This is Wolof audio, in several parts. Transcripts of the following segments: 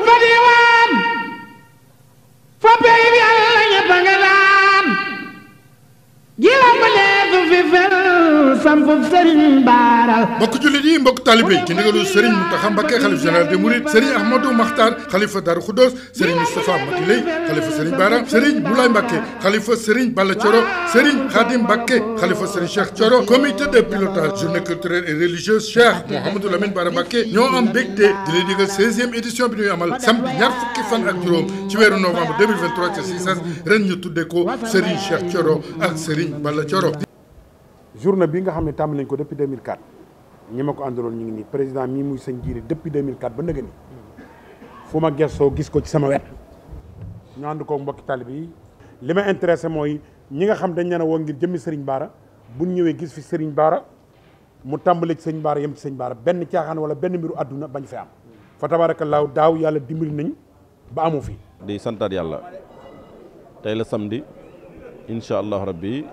محمد xam ko Serigne Bara. mbokk taalibe ci ndigalu Serigne Mountakha Mbacké xalif général des Mourides Serigne Ahmadou Makhtar xalifa Darou Khoudoss Serigne Moustapha Matiley xalifa Serigne Bara Serigne Moulay Mbacké xalifa Serigne Balla Thioro Serigne Khadim Mbacké xalifa Serigne Cheikh Thioro comité de pilotage journée culturelle et religieuse Cheikh Mouhamadou Lamine Bara Mbacké ñoo am mbégte di leen digal 16e édition bi ñuy amal samedi ñaar fukki fan ak juróom ci weeru novembre 2023 ca Cissas ren ñu tuddee ko Serigne Cheikh Thioro ak Serigne Balla Thioro. journée bi nga xam ne tàmbali nañ ko depuis 2004 ñi ma ko àndaloon ñu ngi nii président mii muy sëñ Jiili depuis 2004 ba nëgë ni fu ma gëstoo gis ko ci sama wet ñu ànd ko mbokki talib yi li ma intéressé mooy ñi nga xam dañ leen a woo ngir jëmmi Serigne Bara bu ñu ñëwee gis fi Serigne baara mu tàmbali sëñ Serigne Bara yem ci Serigne Bara benn caaxaan wala benn mbiru àdduna bañ fay am fa tabaarakallaahu daaw yàlla dimbali nañ ba amu fi. di santaat yàlla tey la samedi incha allah rabbi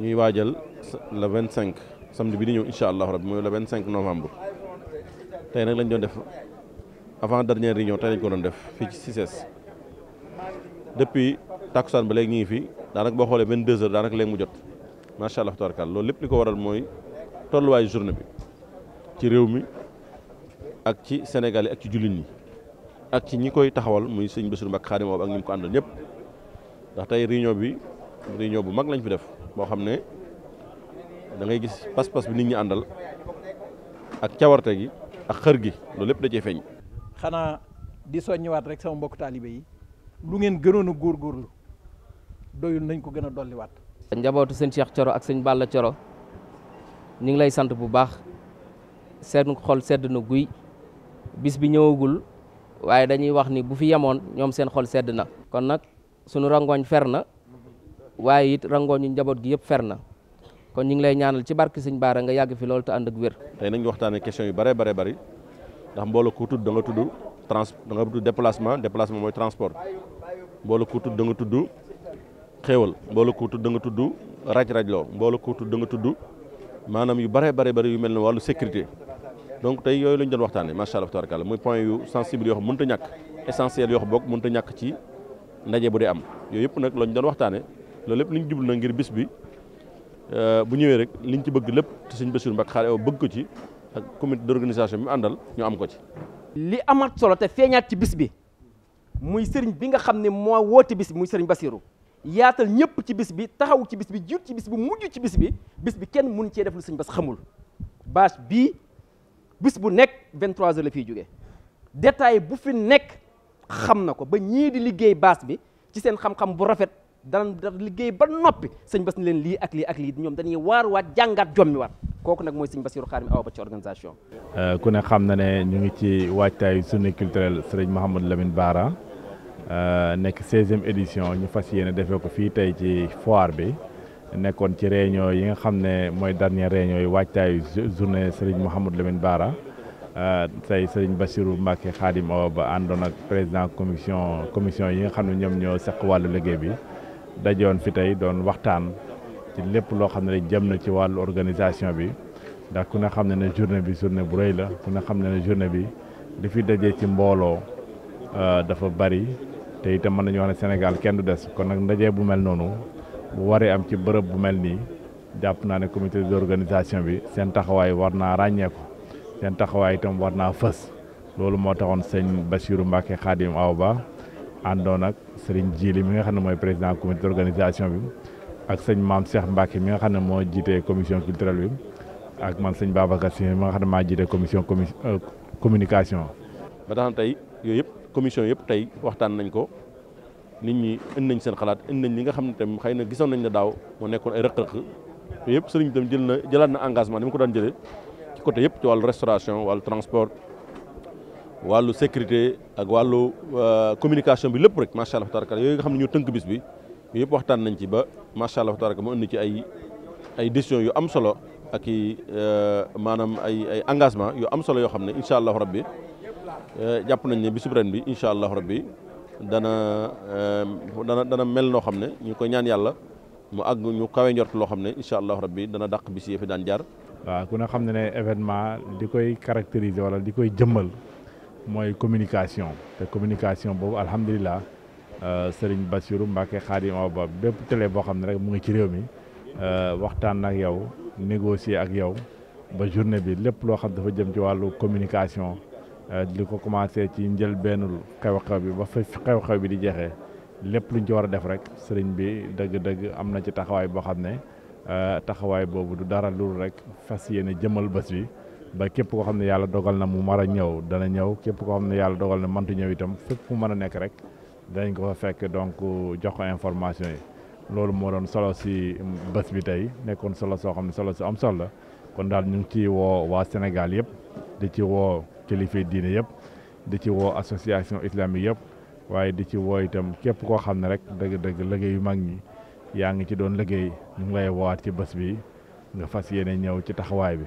ñuy waajal le vingt cinq samedi bi di ñëw incha allahu rabbi mooy le vingt cinq novembre tey nag lañ doon def avant dernière réunion tey lañ ko doon def fii ci CICES depuis takusaan ba léegi ñu ngi fi daanaka boo xoolee vingt deux heures daanaka léegi mu jot macha allah tabarakal loolu lépp li ko waral mooy tolluwaayu journée bi ci réew mi ak ci Sénégal yi ak ci jullit ñi ak ci ñi koy taxawal muy sëñ Bassirou Mbacké Khadim ak ñi mu ko àndal ñëpp ndax tey réunion bi réunion bu mag lañ fi def. boo xam ne dangay gis pas-pas bi nit ñi àndal ak cawarte gi ak xër gi loolu lépp da cee feeñ. xanaa di soññiwaat rek sama mbokk taalibe yi lu ngeen gënoon a góorgóorlu doyul nañ ko gën a dolliwaat. njabootu sëñ Cheikh Thioro ak sëñ Balla Thioro ñu ngi lay sant bu baax seen xol sedd na guy bis bi ñëwagul waaye dañuy wax ni bu fi yemoon ñoom seen xol sedd na. kon nag sunu rangoñ fer na. waaye it rangoo ñu njaboot gi yëpp fer na kon ñu ngi lay ñaanal ci barke sëñ Baara nga yàgg fi loolu te ànd ak wér. tey nañu waxtaanee question yu bare bare bari ndax mbooloo ku tudd da nga tudd trans danga nga tudd déplacement déplacement mooy transport mbooloo ku tudd da nga tudd xéewal mbooloo ku tudd da nga tudd raj-rajloo mbooloo ku tudd tudd maanaam yu bare bare bari yu mel ne wàllu sécurité donc tey yooyu la ñu doon waxtaanee macha allah tabaaraka muy point yu sensible yoo xam mënut a ñàkk essentiel yoo xam bokk a ñàkk ci ndaje bu dee am yooyu yëpp nag la ñu doon waxtaanee loolu lépp li ñu jublu na ngir bis bi euh, bu ñëwee rek liñ ci bëgg lépp te sëñ Bassirou Mbacké Khary Awa bëgg ko ci ak comité d'organisation bi àndal ñu am ko ci li amat solo te feeñaat ci bis bi muy sëriñ bi nga xam ne moo woote bis bi muy sëriñ Bassirou yaatal ñëpp ci bis bi taxaw ci bis bi jiit ci bis bi mujj ci bis bi bis bi kenn mun cee def lu sëñ Bass xamul bâche bii bis bu nekk 23h la fiy jóge détail bu fi nekk xam na ko ba ñii di liggéey bâche bi ci seen xam bu rafet danañ daf liggéey ba noppi sëñ bas leen lii ak lii ak lii ñoom dañuy waar waat jàngaat jommi waat kooku nag mooy sëñ Basiru Xaadim Awa Ba ci organisation euh, ku xam na ne ñu ngi ci waajtaayu journée culturelle sëriñ Mouhamadou Lamine Bara euh, nekk 16e ñu fas yéene defee ko fii tey ci foire bi nekkoon ci réunion yi nga xam ne mooy dernière réunion yi waajtaayu journée sëriñ Mouhamadou Lamine Bara euh, tey sëriñ Bassirou Mbacke Xaadim Awa Ba àndoon ak président commission commission yi nga xam ne ñoom ñoo seq wàllu liggéey bi dajoon fi tey doon waxtaan ci lépp loo xam ne rek jëm na ci wàllu organisation bi ndax ku ne xam ne ne journée bi journée bu rëy la ku ne xam ne ne journée bi li fi dajee ci mbooloo euh, dafa bari te itam mën nañu wax ne Sénégal kenn du des kon nag ndaje bu mel noonu bu waree am ci bërëb bu mel nii jàpp naa ne comité d'organisation bi seen taxawaay war naa ràññeeku seen taxawaay tam war naa fës loolu moo taxoon sëñ Bassirou Mbacké Khadim Awa Ba àndoon ak sëriñ Jili mi nga xam ne mooy président comité d'organisation bi ak sëñ maam Cheikh Mbacke mi nga xam ne moo jiite commission culturelle bi ak man sëñ Babacar Si mi nga xam ne maa jiite commission euh, communication. ba tax na tey yooyu yëpp commission yëpp tey waxtaan nañ ko nit ñi indi nañ seen xalaat indi nañ li nga xam ne tam xëy na gisoon nañ ne daaw moo nekkoon ay rëq-rëq yooyu yëpp sëriñ bi tam jël na jëlaat na engagement ni mu ko daan jëlee côté yëpp ci wàllu restauration wàllu transport. wàllu sécurité ak wàllu euh, communication bi lépp rek macha allah tabaraka yooyu nga xam ne ñoo tënk bis bi yëpp waxtaan nañ ci ba macha allah tabaraka mu indi ci ay ay décisions yu am solo ak i euh, maanaam ay ay engagement yu am solo yoo xam ne incha allah rabbi euh, jàpp nañ ne bisub ren bi incha allah rabbi dana dana dana mel noo xam ne ñu koy ñaan yàlla mu àgg ñu kawe njort loo xam ne incha allah rabbi dana dàq bis yi fi daan jaar. waaw ku ne xam ne ne événement di koy caractériser wala di koy jëmbal mooy communication te communication boobu alhamdulilah euh, Serigne Bassirou Mbacke Khadim Awa Ba bépp télé boo xam ne rek mu ngi ci réew mi euh, waxtaan nag yow négocier ak yow ba journée bi lépp loo xam dafa jëm ci wàllu communication euh, di ko commencé ci njëlbeenul xew-xew bi ba fa xew-xew bi di jeexee lépp luñ ci war a def rek sëriñ bi dëgg-dëgg am na ci taxawaay boo xam ne taxawaay boobu du dara loolu rek fas yéene jëmal bés bi. ba képp koo xam ne yàlla dogal na mu mar a ñëw dana ñëw képp koo xam ne yàlla dogal na mëntu ñëw itam fépp mu mën a nekk rek danañ ko fa fekk donc jox ko information yi loolu moo doon solo si bés bi tey nekkoon solo soo xam ne solo si am solo la kon daal ñu ngi ci woo waa Sénégal yëpp di ci woo kilifa diine yëpp di ci woo association islamique yëpp waaye di ci woo itam képp koo xam ne rek dëgg-dëgg liggéey yu mag ñi yaa ngi ci doon liggéey ñu ngi lay woowaat ci bés bi nga fas yéene ñëw ci taxawaay bi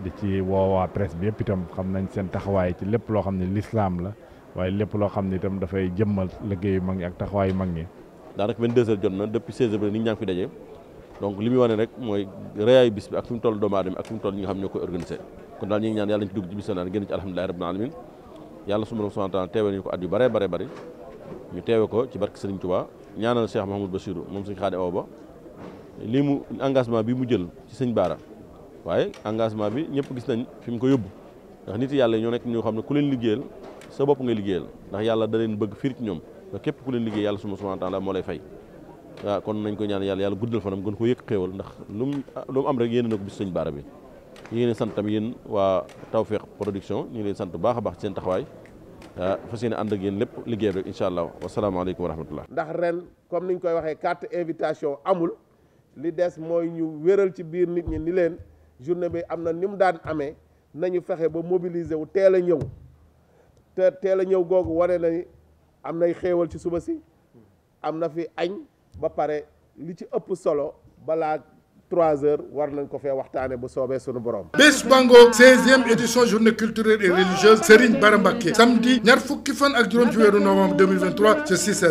di ci woowaa presse bi yëpp itam xam nañ seen taxawaay ci lépp loo xam ne lislaam la waaye lépp loo xam ne itam dafay jëmmal liggéeyu mag ñi ak taxawaayu mag ñi. daanaka 22 heures jot na depuis 16 heures ba nit ñaa ngi fi daje donc li muy wane rek mooy réyaayu bis bi ak fi mu toll doomu aadama ak fi mu toll ñi nga xam ñoo koy organisé kon daal ñu ngi ñaan yàlla ñu ci dugg ci bis naan génn ci alhamdulilahi rabbil alamin yàlla su borom subhanahu wa taala ko at yu bare bare bëri ñu teewe ko ci barke moom Serigne Khadim Awa lii mu engagement bi mu jël ci Serigne waaye engagement bi ñëpp gis nañ fi mu ko yóbbu ndax nit yàlla ñoo nekk ñoo xam ne ku leen liggéeyal sa bopp ngay liggéeyal ndax yàlla da leen bëgg fiir ci ñoom nga képp ku leen liggéey yàlla suma subhanahu wa taala moo lay fay waaw kon nañ ko ñaan yàlla yàlla guddal fanam gën ko yëg xéewal ndax lu mu ah, lu mu am rek yéene na ko bis sëñ baara bi ñu ngi leen sant tamit yéen waa Tawfekh Production ñu leen sant bu baax a baax ci seen taxawaay fas yéene ànd ak yéen lépp liggéey rek incha allah wasalaamaaleykum wa rahmatullah ndax ren comme niñ koy waxee carte invitation amul li des mooy ñu wéral ci biir nit ñi ni leen journée bi am na ni mu daan amee nañu fexe ba mobiliser wu teel a ñëw te teel a ñëw googu wane na am nay xéewal ci suba si am na fi añ ba pare li ci ëpp solo balaa trois heures war nañ ko fee waxtaane bu soobee sunu borom. bés bango seizième édition journée culturelle et religieuse Serigne Bara samedi ñaar fukki fan ak juróom ci weeru novembre deux mille vingt